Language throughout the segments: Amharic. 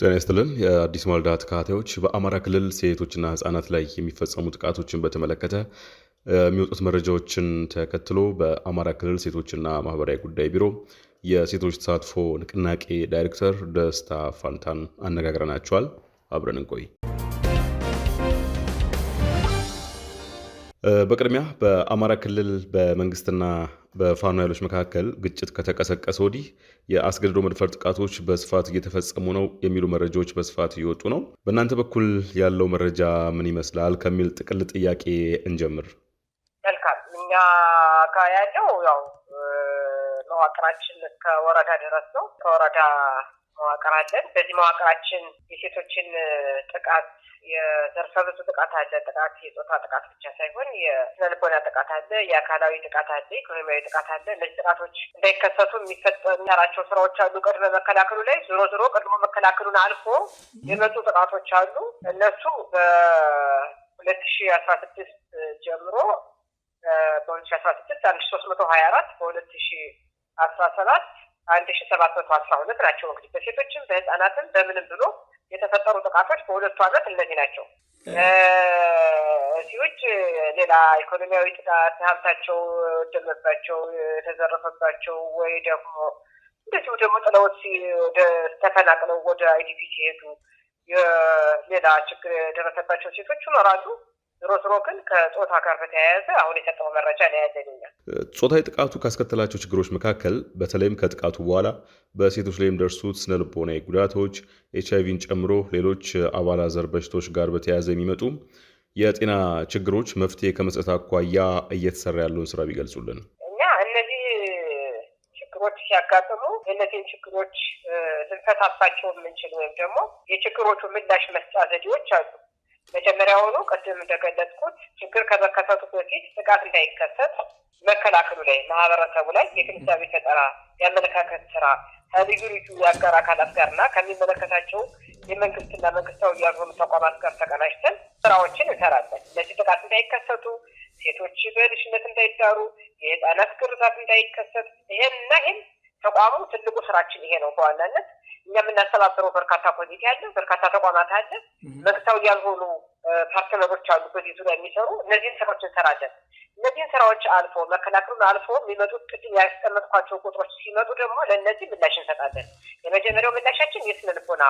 ጤና ይስጥልን የአዲስ ማለዳ ተከታታዮች። በአማራ ክልል ሴቶችና ህጻናት ላይ የሚፈጸሙ ጥቃቶችን በተመለከተ የሚወጡት መረጃዎችን ተከትሎ በአማራ ክልል ሴቶችና ማህበራዊ ጉዳይ ቢሮ የሴቶች ተሳትፎ ንቅናቄ ዳይሬክተር ደስታ ፋንታን አነጋግረናቸዋል። አብረን እንቆይ። በቅድሚያ በአማራ ክልል በመንግስትና በፋኖ ኃይሎች መካከል ግጭት ከተቀሰቀሰ ወዲህ የአስገድዶ መድፈር ጥቃቶች በስፋት እየተፈጸሙ ነው የሚሉ መረጃዎች በስፋት እየወጡ ነው። በእናንተ በኩል ያለው መረጃ ምን ይመስላል ከሚል ጥቅል ጥያቄ እንጀምር። መልካም። እኛ ጋር ያለው ያው መዋቅራችን እስከ ወረዳ ድረስ ነው። ከወረዳ መዋቅር አለን። በዚህ መዋቅራችን የሴቶችን ጥቃት የዘርፈ ብዙ ጥቃት አለ። ጥቃት የጾታ ጥቃት ብቻ ሳይሆን የስነልቦና ጥቃት አለ፣ የአካላዊ ጥቃት አለ፣ ኢኮኖሚያዊ ጥቃት አለ። እነዚህ ጥቃቶች እንዳይከሰቱ የሚሰራቸው ስራዎች አሉ። ቅድመ መከላከሉ ላይ ዞሮ ዞሮ ቅድሞ መከላከሉን አልፎ የመጡ ጥቃቶች አሉ። እነሱ በሁለት ሺ አስራ ስድስት ጀምሮ በሁለት ሺ አስራ ስድስት አንድ ሶስት መቶ ሀያ አራት በሁለት ሺ አስራ ሰባት አንድ ሺ ሰባት መቶ አስራ ሁለት ናቸው። እንግዲህ በሴቶችም በህጻናትም በምንም ብሎ የተፈጠሩ ጥቃቶች በሁለቱ ዓመት እነዚህ ናቸው። እዚህ ውጭ ሌላ ኢኮኖሚያዊ ጥቃት ሀብታቸው ወደመባቸው፣ የተዘረፈባቸው ወይ ደግሞ እንደዚሁ ደግሞ ጥለውት ወደ ተፈናቅለው ወደ አይዲፒ ሲሄዱ ሌላ ችግር የደረሰባቸው ሴቶች ይኖራሉ። ስሮ ግን ከጾታ ጋር በተያያዘ አሁን የሰጠው መረጃ ሊያያዘልኛል። ጾታዊ ጥቃቱ ካስከተላቸው ችግሮች መካከል በተለይም ከጥቃቱ በኋላ በሴቶች ላይ የሚደርሱት ስነልቦናዊ ጉዳቶች፣ ኤች አይቪን ጨምሮ ሌሎች አባላዘር በሽታዎች ጋር በተያያዘ የሚመጡ የጤና ችግሮች መፍትሄ ከመስጠት አኳያ እየተሰራ ያለውን ስራ ቢገልጹልን። እኛ እነዚህ ችግሮች ሲያጋጥሙ እነዚህን ችግሮች ልንፈታባቸው የምንችል ወይም ደግሞ የችግሮቹ ምላሽ መስጫ ዘዴዎች አሉ ሆኖ ቅድም እንደገለጽኩት ችግር ከመከሰቱ በፊት ጥቃት እንዳይከሰት መከላከሉ ላይ ማህበረሰቡ ላይ የግንዛቤ ፈጠራ፣ የአመለካከት ስራ ከልዩሪቱ የአጋር አካላት ጋር ና ከሚመለከታቸው የመንግስትና መንግስታዊ ያልሆኑ ተቋማት ጋር ተቀናጅተን ስራዎችን እንሰራለን። እነዚህ ጥቃት እንዳይከሰቱ፣ ሴቶች በልሽነት እንዳይዳሩ፣ የህፃናት ግርዛት እንዳይከሰት ይሄንና ይሄን ተቋሙ ትልቁ ስራችን ይሄ ነው። በዋናነት እኛ የምናሰባሰበው በርካታ ኮሚቴ አለ፣ በርካታ ተቋማት አለ፣ መንግስታዊ ያልሆኑ ፓርትነሮች አሉ በዚህ ዙሪያ የሚሰሩ እነዚህን ስራዎች እንሰራለን። እነዚህን ስራዎች አልፎ መከላከሉን አልፎ የሚመጡት ቅድም ያስቀመጥኳቸው ቁጥሮች ሲመጡ ደግሞ ለእነዚህ ምላሽ እንሰጣለን። የመጀመሪያው ምላሻችን የስነልቦና።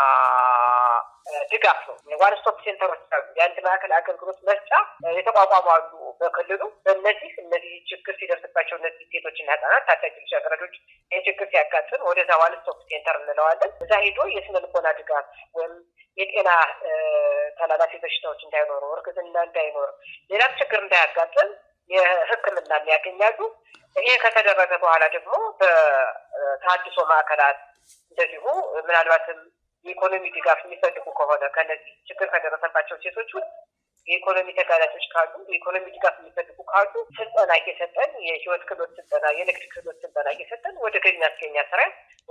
ድጋፍ ነው። ዋን ስቶፕ ሴንተሮች አሉ። የአንድ ማዕከል አገልግሎት መስጫ የተቋቋሙ አሉ በክልሉ። በእነዚህ እነዚህ ችግር ሲደርስባቸው እነዚህ ሴቶችና ህጻናት፣ ታዳጊ ልጃገረዶች ይህ ችግር ሲያጋጥም ወደዛ ዋን ስቶፕ ሴንተር እንለዋለን። እዛ ሄዶ የስነ ልቦና ድጋፍ ወይም የጤና ተላላፊ በሽታዎች እንዳይኖሩ፣ እርግዝና እንዳይኖር፣ ሌላም ችግር እንዳያጋጥም የህክምና ያገኛሉ። ይሄ ከተደረገ በኋላ ደግሞ በታድሶ ማዕከላት እንደዚሁ ምናልባትም የኢኮኖሚ ድጋፍ የሚፈልጉ ከሆነ ከነዚህ ችግር ከደረሰባቸው ሴቶች ውስጥ የኢኮኖሚ ተጋላጮች ካሉ የኢኮኖሚ ድጋፍ የሚፈልጉ ካሉ ስልጠና እየሰጠን የህይወት ክህሎት ስልጠና፣ የንግድ ክህሎት ስልጠና እየሰጠን ወደ ገቢ ማስገኛ ስራ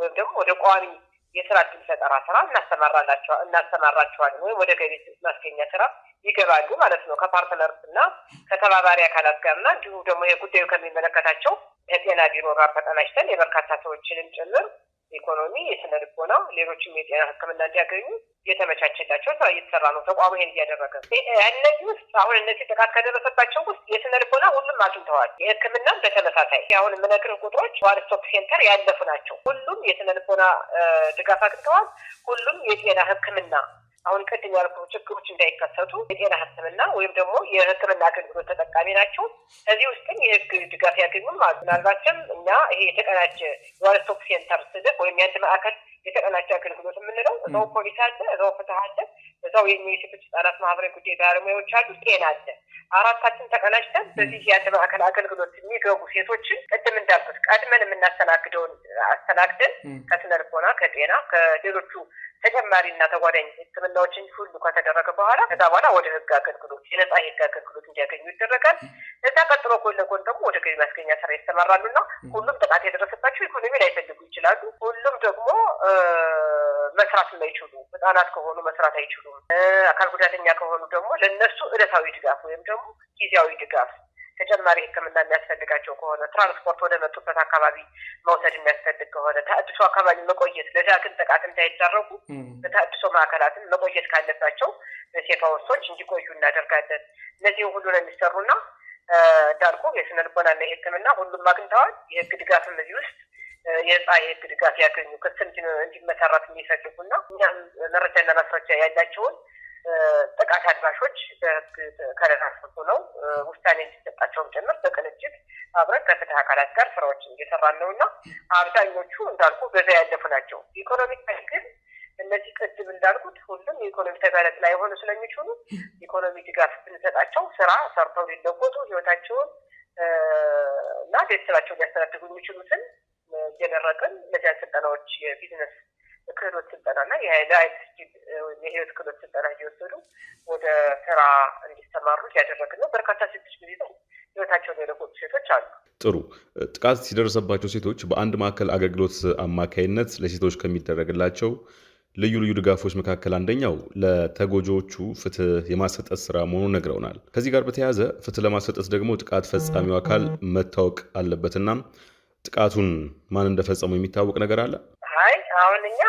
ወይም ደግሞ ወደ ቋሚ የስራ እድል ፈጠራ ስራ እናሰማራቸዋል ወይም ወደ ገቢ ማስገኛ ስራ ይገባሉ ማለት ነው። ከፓርትነርስ እና ከተባባሪ አካላት ጋር እና እንዲሁም ደግሞ የጉዳዩ ከሚመለከታቸው ከጤና ቢሮ ጋር ተቀናጅተን የበርካታ ሰዎችንም ጭምር ኢኮኖሚ፣ የስነ ልቦና፣ ሌሎችም የጤና ሕክምና እንዲያገኙ የተመቻቸላቸው ስራ እየተሰራ ነው። ተቋሙ ይሄን እያደረገ እነዚህ ውስጥ አሁን እነዚህ ጥቃት ከደረሰባቸው ውስጥ የስነ ልቦና ሁሉም አግኝተዋል። የሕክምናም በተመሳሳይ አሁን የምነግርህ ቁጥሮች ዋን ስቶፕ ሴንተር ያለፉ ናቸው። ሁሉም የስነ ልቦና ድጋፍ አግኝተዋል። ሁሉም የጤና ሕክምና አሁን ቅድም ያልኩ ችግሮች እንዳይከሰቱ የጤና ሕክምና ወይም ደግሞ የሕክምና አገልግሎት ተጠቃሚ ናቸው። እዚህ ውስጥም የህግ ድጋፍ ያገኙም አሉ። ምናልባትም እኛ ይሄ የተቀናጀ ዋን ስቶፕ ሴንተር ስልክ ወይም የአንድ ማዕከል የተቀናጀ አገልግሎት የምንለው እዛው ፖሊስ አለ፣ እዛው ፍትህ አለ፣ እዛው የኛ የሴቶች ህጻናት ማህበራዊ ጉዳይ ባለሙያዎች አሉ፣ ጤና አለ። አራታችን ተቀናጅተን በዚህ የአንድ ማዕከል አገልግሎት የሚገቡ ሴቶችን ቅድም እንዳልኩት ቀድመን የምናስተናግደውን አስተናግደን ከስነ ልቦና ከጤና ከሌሎቹ ተጨማሪና ተጓዳኝ ሕክምናዎችን ሁሉ ከተደረገ በኋላ ከዛ በኋላ ወደ ህግ አገልግሎት የነጻ የህግ አገልግሎት እንዲያገኙ ይደረጋል። እዛ ቀጥሎ ጎን ለጎን ደግሞ ወደ ገቢ ማስገኛ ስራ ይሰማራሉና ሁሉም ጥቃት የደረሰባቸው ኢኮኖሚ ላይፈልጉ ይችላሉ። ሁሉም ደግሞ መስራት የማይችሉ ህጻናት ከሆኑ መስራት አይችሉም። አካል ጉዳተኛ ከሆኑ ደግሞ ለእነሱ እለታዊ ድጋፍ ወይም ደግሞ ጊዜያዊ ድጋፍ ተጨማሪ ሕክምና የሚያስፈልጋቸው ከሆነ ትራንስፖርት ወደ መጡበት አካባቢ መውሰድ የሚያስፈልግ ከሆነ ተሀድሶ አካባቢ መቆየት ለዳግን ጥቃት እንዳይዳረጉ በተሀድሶ ማዕከላትን መቆየት ካለባቸው ሴፋ ውሶች እንዲቆዩ እናደርጋለን። እነዚህ ሁሉ ነው የሚሰሩና እንዳልኩ የስነ ልቦናና የሕክምና ሁሉም አግኝተዋል። የህግ ድጋፍም እዚህ ውስጥ የህፃ የህግ ድጋፍ ያገኙ ክስ እንዲመሰረት የሚፈልጉና እኛም መረጃና ማስረጃ ያላቸውን ጥቃት አድራሾች በህግ ከደራሾ ነው ውሳኔ እንዲሰጣቸውም ጭምር በቅንጅት አብረን ከፍትህ አካላት ጋር ስራዎችን እየሰራን ነው እና አብዛኞቹ እንዳልኩ በዛ ያለፉ ናቸው። ኢኮኖሚክ ግን እነዚህ ቅድም እንዳልኩት ሁሉም የኢኮኖሚ ተጋለጥ ላይ የሆኑ ስለሚችሉ ኢኮኖሚ ድጋፍ ብንሰጣቸው ስራ ሰርተው ሊለወጡ ህይወታቸውን እና ቤተሰባቸውን ሊያስተዳድጉ የሚችሉትን እየደረቅን እነዚያን ስልጠናዎች የቢዝነስ ክህሎት ስልጠና እና የላይፍ የህይወት ክህሎት ስልጠና እየወሰዱ ወደ ስራ እንዲሰማሩ ያደረግ ነው። በርካታ ሴቶች ጊዜ ላይ ህይወታቸውን የለቆጡ ሴቶች አሉ። ጥሩ ጥቃት የደረሰባቸው ሴቶች በአንድ ማዕከል አገልግሎት አማካይነት ለሴቶች ከሚደረግላቸው ልዩ ልዩ ድጋፎች መካከል አንደኛው ለተጎጂዎቹ ፍትህ የማሰጠት ስራ መሆኑን ነግረውናል። ከዚህ ጋር በተያያዘ ፍትህ ለማሰጠት ደግሞ ጥቃት ፈጻሚው አካል መታወቅ አለበትና ጥቃቱን ማን እንደፈጸመው የሚታወቅ ነገር አለ? አይ አሁን እኛ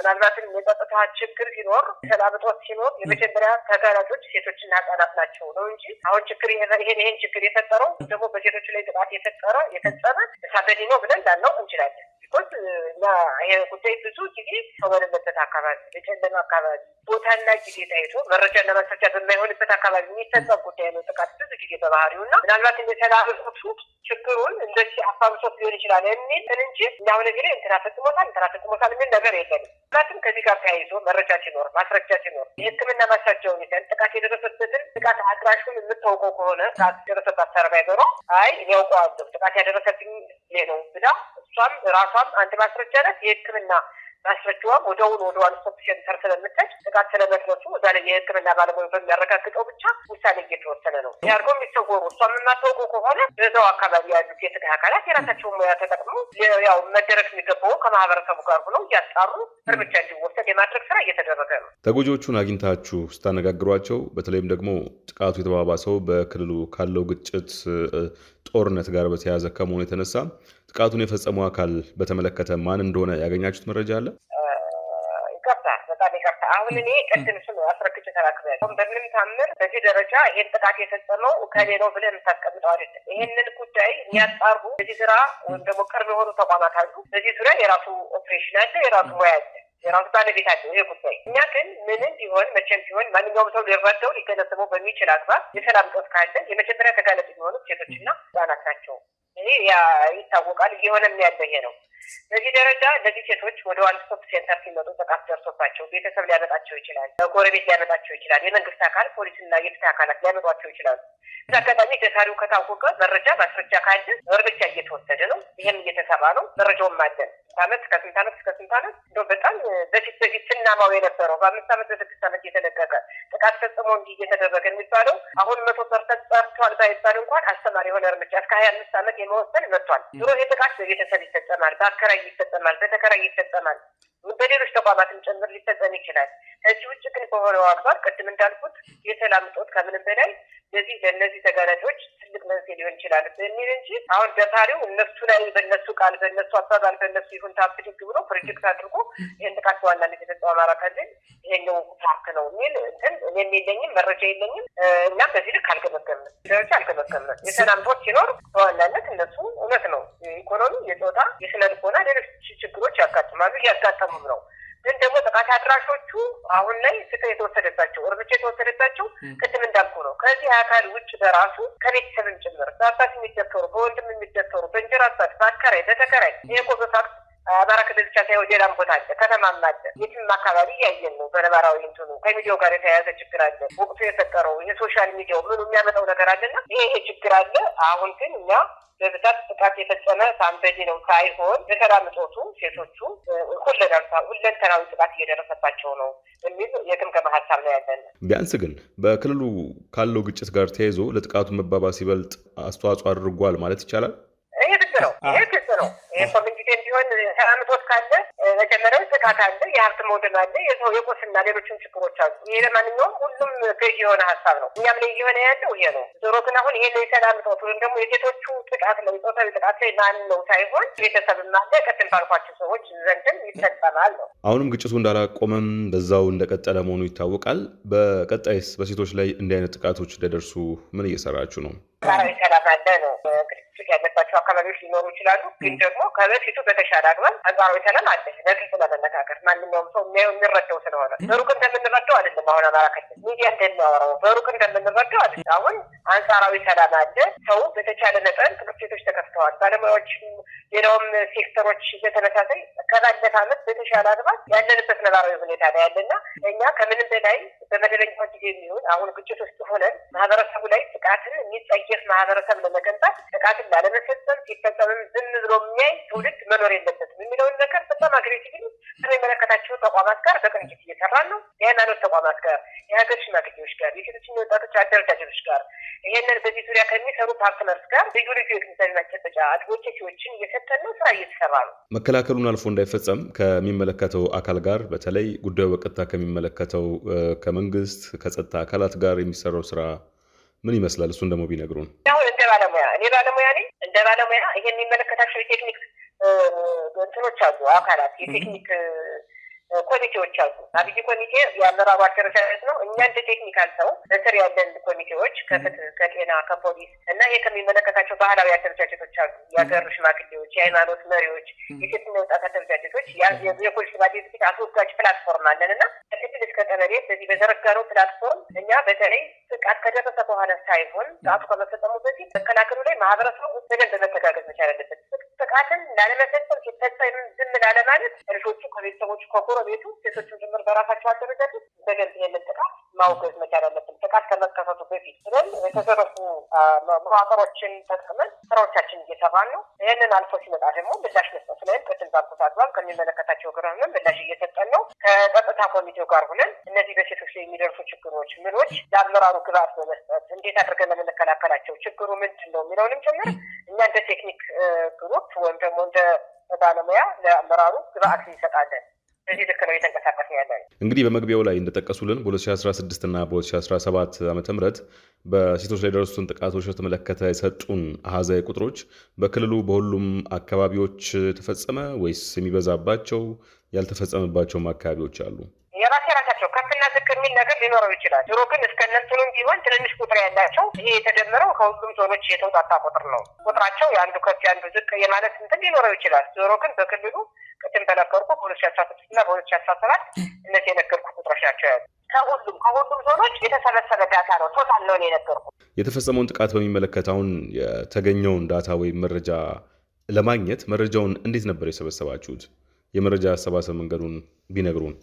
ምናልባትም የጸጥታ ችግር ሲኖር ተላብቶት ሲኖር የመጀመሪያ ተጋላጮች ሴቶችና ህጻናት ናቸው ነው እንጂ አሁን ችግር ይሄን ይሄን ችግር የፈጠረው ደግሞ በሴቶች ላይ ጥቃት የፈጠረ የፈጸመ ሳበዲ ነው ብለን ላናውቅ እንችላለን። ቢኮዝ እና ይሄ ጉዳይ ብዙ ጊዜ በበለለበት አካባቢ የጨለማ አካባቢ ቦታና ጊዜ ታይቶ መረጃና ማስረጃ በማይሆንበት አካባቢ የሚፈጸም ጉዳይ ነው። ጥቃት ብዙ ጊዜ በባህሪው እና ምናልባት እንደ ችግሩን እንደዚህ አባብሶት ሊሆን ይችላል የሚል እንጂ እንዳሁነ ጊዜ እንትና ፈጽሞታል እንትና ፈጽሞታል የሚል ነገር የለንም። ምክንያቱም ከዚህ ጋር ተያይዞ መረጃ ሲኖር ማስረጃ ሲኖር የሕክምና ማስረጃውን ይዘን ጥቃት የደረሰበትን ጥቃት አድራሹን የምታውቀው ከሆነ ጥቃት የደረሰባት ሰርባይ ሰርቫይቨሯ አይ እኔ ጥቃት ያደረሰብኝ ነው ብላ እሷም ራሷም አንድ ማስረጃ ነት የሕክምና ማስረጃዋም ወደውን ወደ ዋን ስቶፕ ሴንተር ስለምታች ጥቃት ስለመድረሱ እዛ ላይ የሕክምና ባለሙያ በሚያረጋግጠው ብቻ ውሳኔ እየተወሰነ ነው። ያርጎ የሚሰወሩ እሷ የምናስወቁ ከሆነ በዛው አካባቢ ያሉት የትግራይ አካላት የራሳቸውን ሙያ ተጠቅሞ ያው መደረግ የሚገባው ከማህበረሰቡ ጋር ሆነው እያጣሩ እርምጃ እንዲወሰድ የማድረግ ስራ እየተደረገ ነው። ተጎጂዎቹን አግኝታችሁ ስታነጋግሯቸው፣ በተለይም ደግሞ ጥቃቱ የተባባሰው በክልሉ ካለው ግጭት ጦርነት ጋር በተያያዘ ከመሆኑ የተነሳ ጥቃቱን የፈጸመው አካል በተመለከተ ማን እንደሆነ ያገኛችሁት መረጃ አለ? ይቅርታ፣ በጣም አሁን እኔ ቅድም ስም አስረክቼ ተናግሬያለሁ። በምንም ታምር በዚህ ደረጃ ይሄን ጥቃት የፈጸመው ከሌ ነው ብለን የምታስቀምጠው አይደለም። ይሄንን ጉዳይ የሚያጣሩ በዚህ ስራ ወይም ደግሞ ቅርብ የሆኑ ተቋማት አሉ። በዚህ ዙሪያ የራሱ ኦፕሬሽን አለ፣ የራሱ ሙያ አለ የራሱ ባለቤት አለው። ይሄ ጉዳይ እኛ ግን ምንም ቢሆን መቼም ቢሆን ማንኛውም ሰው ሊረዳው ሊገነዘበው በሚችል አግባብ የሰላም ጦት ካለ የመጀመሪያ ተጋለጥ የሚሆኑት ሴቶችና ህጻናት ናቸው። ይህ ይታወቃል። እየሆነም ያለ ይሄ ነው። በዚህ ደረጃ እነዚህ ሴቶች ወደ ዋን ስቶፕ ሴንተር ሲመጡ ጥቃት ደርሶባቸው ቤተሰብ ሊያመጣቸው ይችላል፣ ጎረቤት ሊያመጣቸው ይችላል፣ የመንግስት አካል ፖሊስና የፍትህ አካላት ሊያመጧቸው ይችላሉ። እዚ አጋጣሚ ደሳሪው ከታወቀ መረጃ ማስረጃ ካለ እርምጃ እየተወሰደ ነው። ይህም እየተሰራ ነው። መረጃውም አለን። ከአመት ከስንት አመት እስከ ስንት አመት እንደ በጣም በፊት በፊት ስናማው የነበረው በአምስት አመት በስድስት አመት እየተለቀቀ ጥቃት ፈጽሞ እንዲህ እየተደረገ የሚባለው አሁን መቶ ፐርሰንት ጸርቷል ባይባል እንኳን አስተማሪ የሆነ እርምጃ እስከ ሀያ አምስት አመት የመወሰን መጥቷል። ድሮ ይህ ጥቃት በቤተሰብ ይፈጸማል በአከራይ ይፈጸማል፣ በተከራይ ይፈጸማል፣ በሌሎች ተቋማትም ጭምር ሊፈጸም ይችላል። ከዚህ ውጭ ግን በሆነው አግባር ቅድም እንዳልኩት የሰላም እጦት ከምንም በላይ ለዚህ ለእነዚህ ተጋላጮች ትልቅ መንስኤ ሊሆን ይችላል በሚል እንጂ አሁን በታሪው እነሱ ላይ በእነሱ ቃል በእነሱ አባባል በእነሱ ይሁን ታፕድግ ብሎ ፕሮጀክት አድርጎ ይህን ጥቃት በዋናነት የተፈጸመው አማራ ክልል ይሄኛው ፓርክ ነው የሚል እንትን እኔም የለኝም መረጃ የለኝም እና በዚህ ልክ አልገመገምንም ደረጃ አልገመገምንም። የሰላም እጦት ሲኖር በዋናነት እነሱ እውነት ነው ኢኮኖሚ፣ የጾታ፣ የስነ ልቦና ሆና ሌሎች ችግሮች ያጋጥማሉ፣ እያጋጠሙም ነው። ግን ደግሞ ጥቃት አድራሾቹ አሁን ላይ ፍትህ የተወሰደባቸው እርምጃ የተወሰደባቸው ቅድም እንዳልኩ ነው። ከዚህ አካል ውጭ በራሱ ከቤተሰብም ጭምር በአባት የሚደፈሩ በወንድም የሚደፈሩ በእንጀራ አባት፣ በአከራይ፣ በተከራይ ይሄ እኮ በፋክት አማራ ክልል ብቻ ሳይሆን ሌላም ቦታ አለ፣ ከተማም አለ። የትም አካባቢ እያየን ነው። በነባራዊ እንትኑ ከሚዲያው ጋር የተያያዘ ችግር አለ። ወቅቱ የፈጠረው የሶሻል ሚዲያው ምኑ የሚያመጣው ነገር አለና ይሄ ይሄ ችግር አለ። አሁን ግን እኛ በብዛት ጥቃት የፈጸመ ሳምበዴ ነው ሳይሆን በሰላም እጦቱ ሴቶቹ ሁለንተናዊ ጥቃት እየደረሰባቸው ነው የሚል የክምከማ ሀሳብ ነው ያለን። ቢያንስ ግን በክልሉ ካለው ግጭት ጋር ተያይዞ ለጥቃቱ መባባስ ይበልጥ አስተዋጽኦ አድርጓል ማለት ይቻላል። ይህ ግድ ነው። ይህ ግድ ነው። ቢሆን ካለ መጀመሪያው ጥቃ ካለ የሀብት መውደም አለ፣ የሰው የቁስና ሌሎችም ችግሮች አሉ። ይሄ ለማንኛውም ሁሉም ገዥ የሆነ ሀሳብ ነው። እኛም ላይ እየሆነ ያለው ይሄ ነው። ዞሮ ግን አሁን ይሄ ወይም ደግሞ የሴቶቹ ጥቃት ጥቃት ላይ ማን ነው ሳይሆን ቅድም ባልኳቸው ሰዎች ዘንድም ይፈጸማል ነው። አሁንም ግጭቱ እንዳላቆመም በዛው እንደቀጠለ መሆኑ ይታወቃል። በቀጣይስ በሴቶች ላይ እንዲህ አይነት ጥቃቶች እንዳይደርሱ ምን እየሰራችሁ ነው? ሰላም አለ ነው ችግር ያለባቸው አካባቢዎች ሊኖሩ ይችላሉ። ግን ደግሞ ከበፊቱ በተሻለ አግባብ የተለም አለ በፊቱ ለመነጋገር ማንኛውም ሰው የሚያየው የሚረዳው ስለሆነ በሩቅ እንደምንረዳው አይደለም። አሁን አማራ ክልል ሚዲያ እንደሚያወራው በሩቅ እንደምንረዳው አይደለም። አሁን አንጻራዊ ሰላም አለ። ሰው በተቻለ መጠን ትምህርት ቤቶች ተከፍተዋል። ባለሙያዎችም ሌላውም ሴክተሮች በተመሳሳይ ከባለፈ ዓመት በተሻለ አግባብ ያለንበት ነባራዊ ሁኔታ ላይ ያለና እኛ ከምንም በላይ በመደበኛ ጊዜ የሚሆን አሁን ግጭት ውስጥ ሆነን ማህበረሰቡ ላይ ጥቃትን የሚጸየፍ ማህበረሰብ ለመገንባት ጥቃትን ዋስትና ለመሰጠም ሲፈጸምም ዝም ብሎ የሚያይ ትውልድ መኖር የለበትም የሚለውን ነገር በጣም አግሬሲቭ ስለ የመለከታቸው ተቋማት ጋር በቅንጅት እየሰራ ነው። የሃይማኖት ተቋማት ጋር፣ የሀገር ሽማግሌዎች ጋር፣ የሴቶችና ወጣቶች አደረጃጀቶች ጋር ይሄንን በዚህ ዙሪያ ከሚሰሩ ፓርትነርስ ጋር ልዩ ልዩ የግንዛቤ ማስጨበጫ አድቮኬሲዎችን እየሰጠን ነው። ስራ እየተሰራ ነው። መከላከሉን አልፎ እንዳይፈጸም ከሚመለከተው አካል ጋር በተለይ ጉዳዩ በቀጥታ ከሚመለከተው ከመንግስት ከጸጥታ አካላት ጋር የሚሰራው ስራ ምን ይመስላል? እሱን ደግሞ ቢነግሩን። አሁን እንደ ባለሙያ እኔ ባለሙያ ነኝ። እንደ ባለሙያ ይሄን የሚመለከታቸው የቴክኒክ እንትኖች አሉ፣ አካላት የቴክኒክ ኮሚቴዎች አሉ። አብይ ኮሚቴ የአመራሩ አደረጃጀት ነው። እኛ እንደ ቴክኒካል ሰው እስር ያለን ኮሚቴዎች ከፍትህ፣ ከጤና፣ ከፖሊስ እና ይሄ ከሚመለከታቸው ባህላዊ አደረጃጀቶች አሉ። የሀገር ሽማግሌዎች፣ የሃይማኖት መሪዎች፣ የሴትና ወጣት አደረጃጀቶች፣ የፖሊስ ባዴ ዝግጅት አስወጋጅ ፕላትፎርም አለን እና ከቀበሌ በዚህ በዘረጋነው ፕላትፎርም እኛ በተለይ ጥቃት ከደረሰ በኋላ ሳይሆን ጥቃቱ ከመፈጸሙ በፊት መከላከሉ ላይ ማህበረሰቡ በደንብ መተጋገዝ መቻል አለበት። ጥቃትን ላለመፈጸም ሲፈጸም ዝም ላለማለት ልጆቹ ከቤተሰቦቹ ከጎረቤቱ ሴቶቹ ጭምር በራሳቸው አደረጃጀት በደንብ ይህንን ጥቃት ማውገዝ መቻል አለብን። ጥቃት ከመከፈቱ በፊት ስለም የተዘረፉ መዋቅሮችን ተጠቅመን ስራዎቻችን እየሰራን ነው። ይህንን አልፎ ሲመጣ ደግሞ ብላሽ እንዳልኩት አግባብ ከሚመለከታቸው ግራምን ምላሽ እየሰጠን ነው። ከጸጥታ ኮሚቴው ጋር ሁነን እነዚህ በሴቶች ላይ የሚደርሱ ችግሮች ምኖች ለአመራሩ ግብዓት በመስጠት እንዴት አድርገን ለምንከላከላቸው ችግሩ ምንድን ነው የሚለውንም ጭምር እኛ እንደ ቴክኒክ ግሩፕ ወይም ደግሞ እንደ ባለሙያ ለአመራሩ ግብዓት እንሰጣለን። በዚህ ልክ ነው እየተንቀሳቀስ ያለ። እንግዲህ በመግቢያው ላይ እንደጠቀሱልን በ2016 እና በ2017 ዓ ም በሴቶች ላይ ደረሱትን ጥቃቶች በተመለከተ የሰጡን አሃዛዊ ቁጥሮች በክልሉ በሁሉም አካባቢዎች ተፈጸመ ወይስ የሚበዛባቸው ያልተፈጸመባቸውም አካባቢዎች አሉ? ራሳቸው ከፍና ዝቅ የሚል ነገር ሊኖረው ይችላል። ድሮ ግን እስከነሱንም ቢሆን ትንንሽ ቁጥር ያላቸው ይሄ የተደመረው ከሁሉም ዞኖች የተውጣጣ ቁጥር ነው። ቁጥራቸው የአንዱ ከፍ የአንዱ ዝቅ የማለት እንትን ሊኖረው ይችላል። ዞሮ ግን በክልሉ ቅድም በነገርኩ በሁለት ሺ አስራ ስድስት እና በሁለት አስራ ሰባት እነዚህ የነገርኩ ቁጥሮች ናቸው ያሉ ከሁሉም ከሁሉም ዞኖች የተሰበሰበ ዳታ ነው። ቶታል ነው የነገርኩ። የተፈጸመውን ጥቃት በሚመለከት አሁን የተገኘውን ዳታ ወይም መረጃ ለማግኘት መረጃውን እንዴት ነበር የሰበሰባችሁት? የመረጃ አሰባሰብ መንገዱን ቢነግሩን።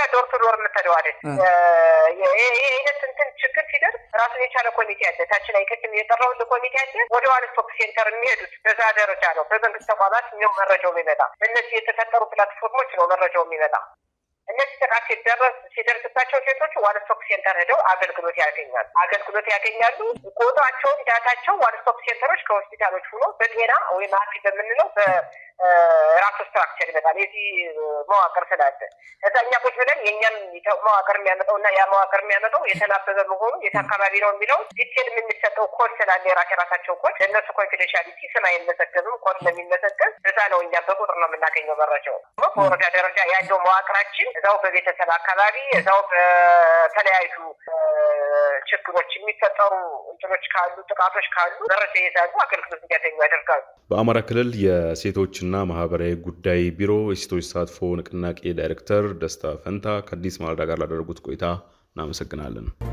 መጀመሪያ ዶር ቱ ዶር የምትሄደው አይደል? ይህ አይነት እንትን ችግር ሲደርስ ራሱን የቻለ ኮሚቴ አለ። ታችን አይቅድም የጠራውን ኮሚቴ አለ። ወደ ዋን ስቶፕ ሴንተር የሚሄዱት በዛ ደረጃ ነው። በመንግስት ተቋማት ነው መረጃው የሚመጣ። እነዚህ የተፈጠሩ ፕላትፎርሞች ነው መረጃው የሚመጣ። እነዚህ ጥቃት ሲደርስባቸው ሴቶች ዋንስቶፕ ሴንተር ሄደው አገልግሎት ያገኛሉ አገልግሎት ያገኛሉ። ጎጧቸው፣ ዳታቸው ዋንስቶፕ ሴንተሮች ከሆስፒታሎች ሆኖ በጤና ወይም አፊ በምንለው በራሱ ስትራክቸር ይመጣል። የዚህ መዋቅር ስላለ እዛ እኛ ቁጭ ብለን የእኛም መዋቅር የሚያመጣው እና ያ መዋቅር የሚያመጣው የተናበበ መሆኑ የት አካባቢ ነው የሚለው ዲቴል የምንሰጠው ኮድ ስላለ የራስ የራሳቸው ኮድ እነሱ ኮንፊደንሻሊቲ ስም አይመሰገብም። ኮድ ስለሚመሰገብ እዛ ነው እኛ በቁጥር ነው የምናገኘው መረጃው። በወረዳ ደረጃ ያለው መዋቅራችን እዛው በቤተሰብ አካባቢ እዛው በተለያዩ ችግሮች የሚፈጠሩ እንትኖች ካሉ ጥቃቶች ካሉ መረጃ ይይዛሉ፣ አገልግሎት እንዲያገኙ ያደርጋሉ። በአማራ ክልል የሴቶችና ማህበራዊ ጉዳይ ቢሮ የሴቶች ተሳትፎ ንቅናቄ ዳይሬክተር ደስታ ፈንታ ከአዲስ ማለዳ ጋር ላደረጉት ቆይታ እናመሰግናለን።